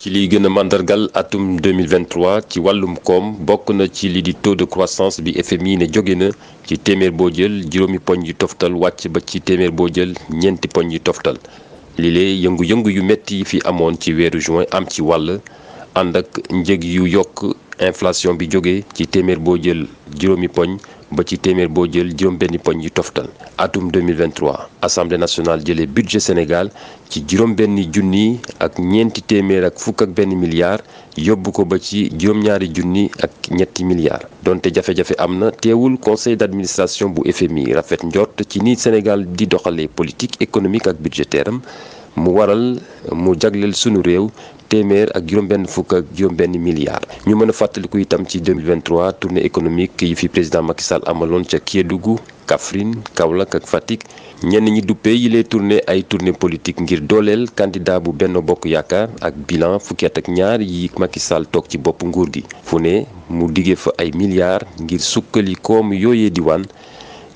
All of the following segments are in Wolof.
ci liy gën a màndargal atum 2023 ci wàllum koom bokk na ci li di taux de croissance bi FMI ne jóge na ci téeméer boo jël juróomi poñ yu toftal wàcc ba ci téeméer boo jël ñeenti poñ yu toftal lilee yëngu-yëngu yu metti yi fi amoon ci weeru juin am ci wàll ànd ak njëg yu yokk inflation bi jóge ci téeméer boo jël juróomi poñ ba ci téeméer Diom Beni juróom-benni poñ toftal atum 2023 assemblée nationale le budget Sénégal qui Diom benni juni ak ñeenti téeméer ak fukk ak milliard yóbbu ko ba ci juróom-ñaari junni ak ñetti milliards donte fait, jafe amna, conseil d'administration bu FMI rafet njort qui ni Sénégal dit d'orale politique économique ak budgétaire mu waral mu jagleel sunu réew téeméer ak juróom-benn fukk ak juróom-benn ñu mën a fàttaliku itam ci 2023 tournée économique yi fi président Macky Sall amaloon ca Kédougou Kaffrine Kaolack ak Fatick ñenn ñi duppee yi lay tournée ay tournée politique ngir dooleel candidat bu benn Bokk Yaakaar ak bilan fukki ak ñaar yi Macky Sall toog ci bopp nguur gi fu ne mu diggee fa ay milliards ngir sukkali koom yooyee diwaan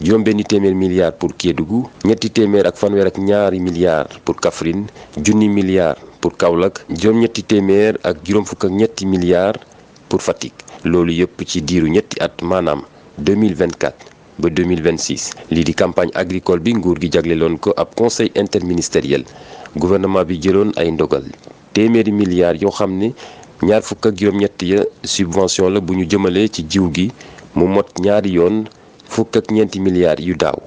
juróom-benni téeméer milliards pour Kédougou ñetti téeméer ak fanweer ñaari milliards pour Kaffrine junni milliards pour Kaolack juróom téeméer ak juróom fukk ak ñetti milliards pour Fatick loolu yëpp ci diiru ñetti at maanaam 2024 ba 2026 lii di campagne agricole bi nguur gi jagleloon ko ab conseil interministériel gouvernement bi jëloon ay ndogal téeméeri milliards yoo xam ne ñaar fukk ak juróom-ñett ya subvention la bu ñu jëmalee ci jiw gi mu mot ñaari yoon fukk ak ñeenti milliards yu daaw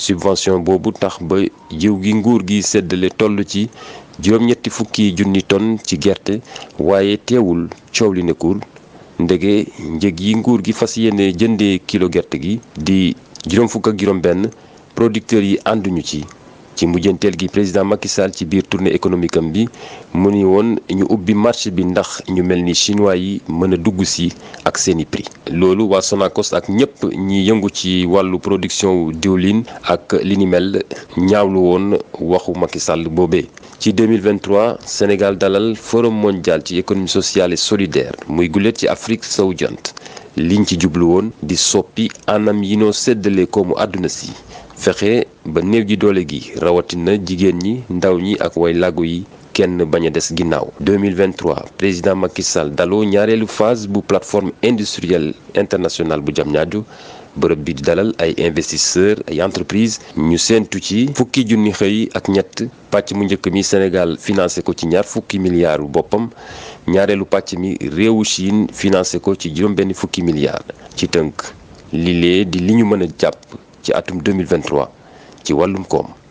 subvention boobu tax ba jiw gi nguur gi seddalee toll ci juróom-ñetti fukki junni tonn ci gerte waaye teewul coow li nekkul ndege njëg yi nguur gi fas yéene jëndee kilo gerte gi di juróom fukk producteurs yi ànduñu ci ci mujjanteel gi président Macky Sall ci biir tournée économique bi mu ni woon ñu ubbi marché bi ndax ñu mel ni chinois yi mën a dugg si ak seeni prix. loolu waa Sonacos ak ñëpp ñi yëngu ci wàllu production diwlin ak li ni mel ñaawlu woon waxu Macky Sall boobee. ci 2023 Sénégal dalal forum mondial ci économie sociale et solidaire muy gulet ci Afrique sowu jant liñ ci jublu woon di soppi anam yi noo séddale ko àdduna si. fexe ba néew ji doole gi rawatina jigéen ñi ndaw ñi ak way làggu yi kenn bañ a des ginnaaw 2023 président Macky Sall daloo ñaareelu phase bu plateforme industrielle internationale bu Diamniadio bërëb bi di dalal ay investisseurs ay entreprises ñu séentu ci fukki junni xëy ak ñett pàcc mu njëkk mi Sénégal financé ko ci ñaar fukki milliards boppam ñaareelu pàcc mi réewu Chine financé ko ci juróom fukki milliards ci tënk lile di li ñu mën a jàpp ci atum 2023 ci wàllum koom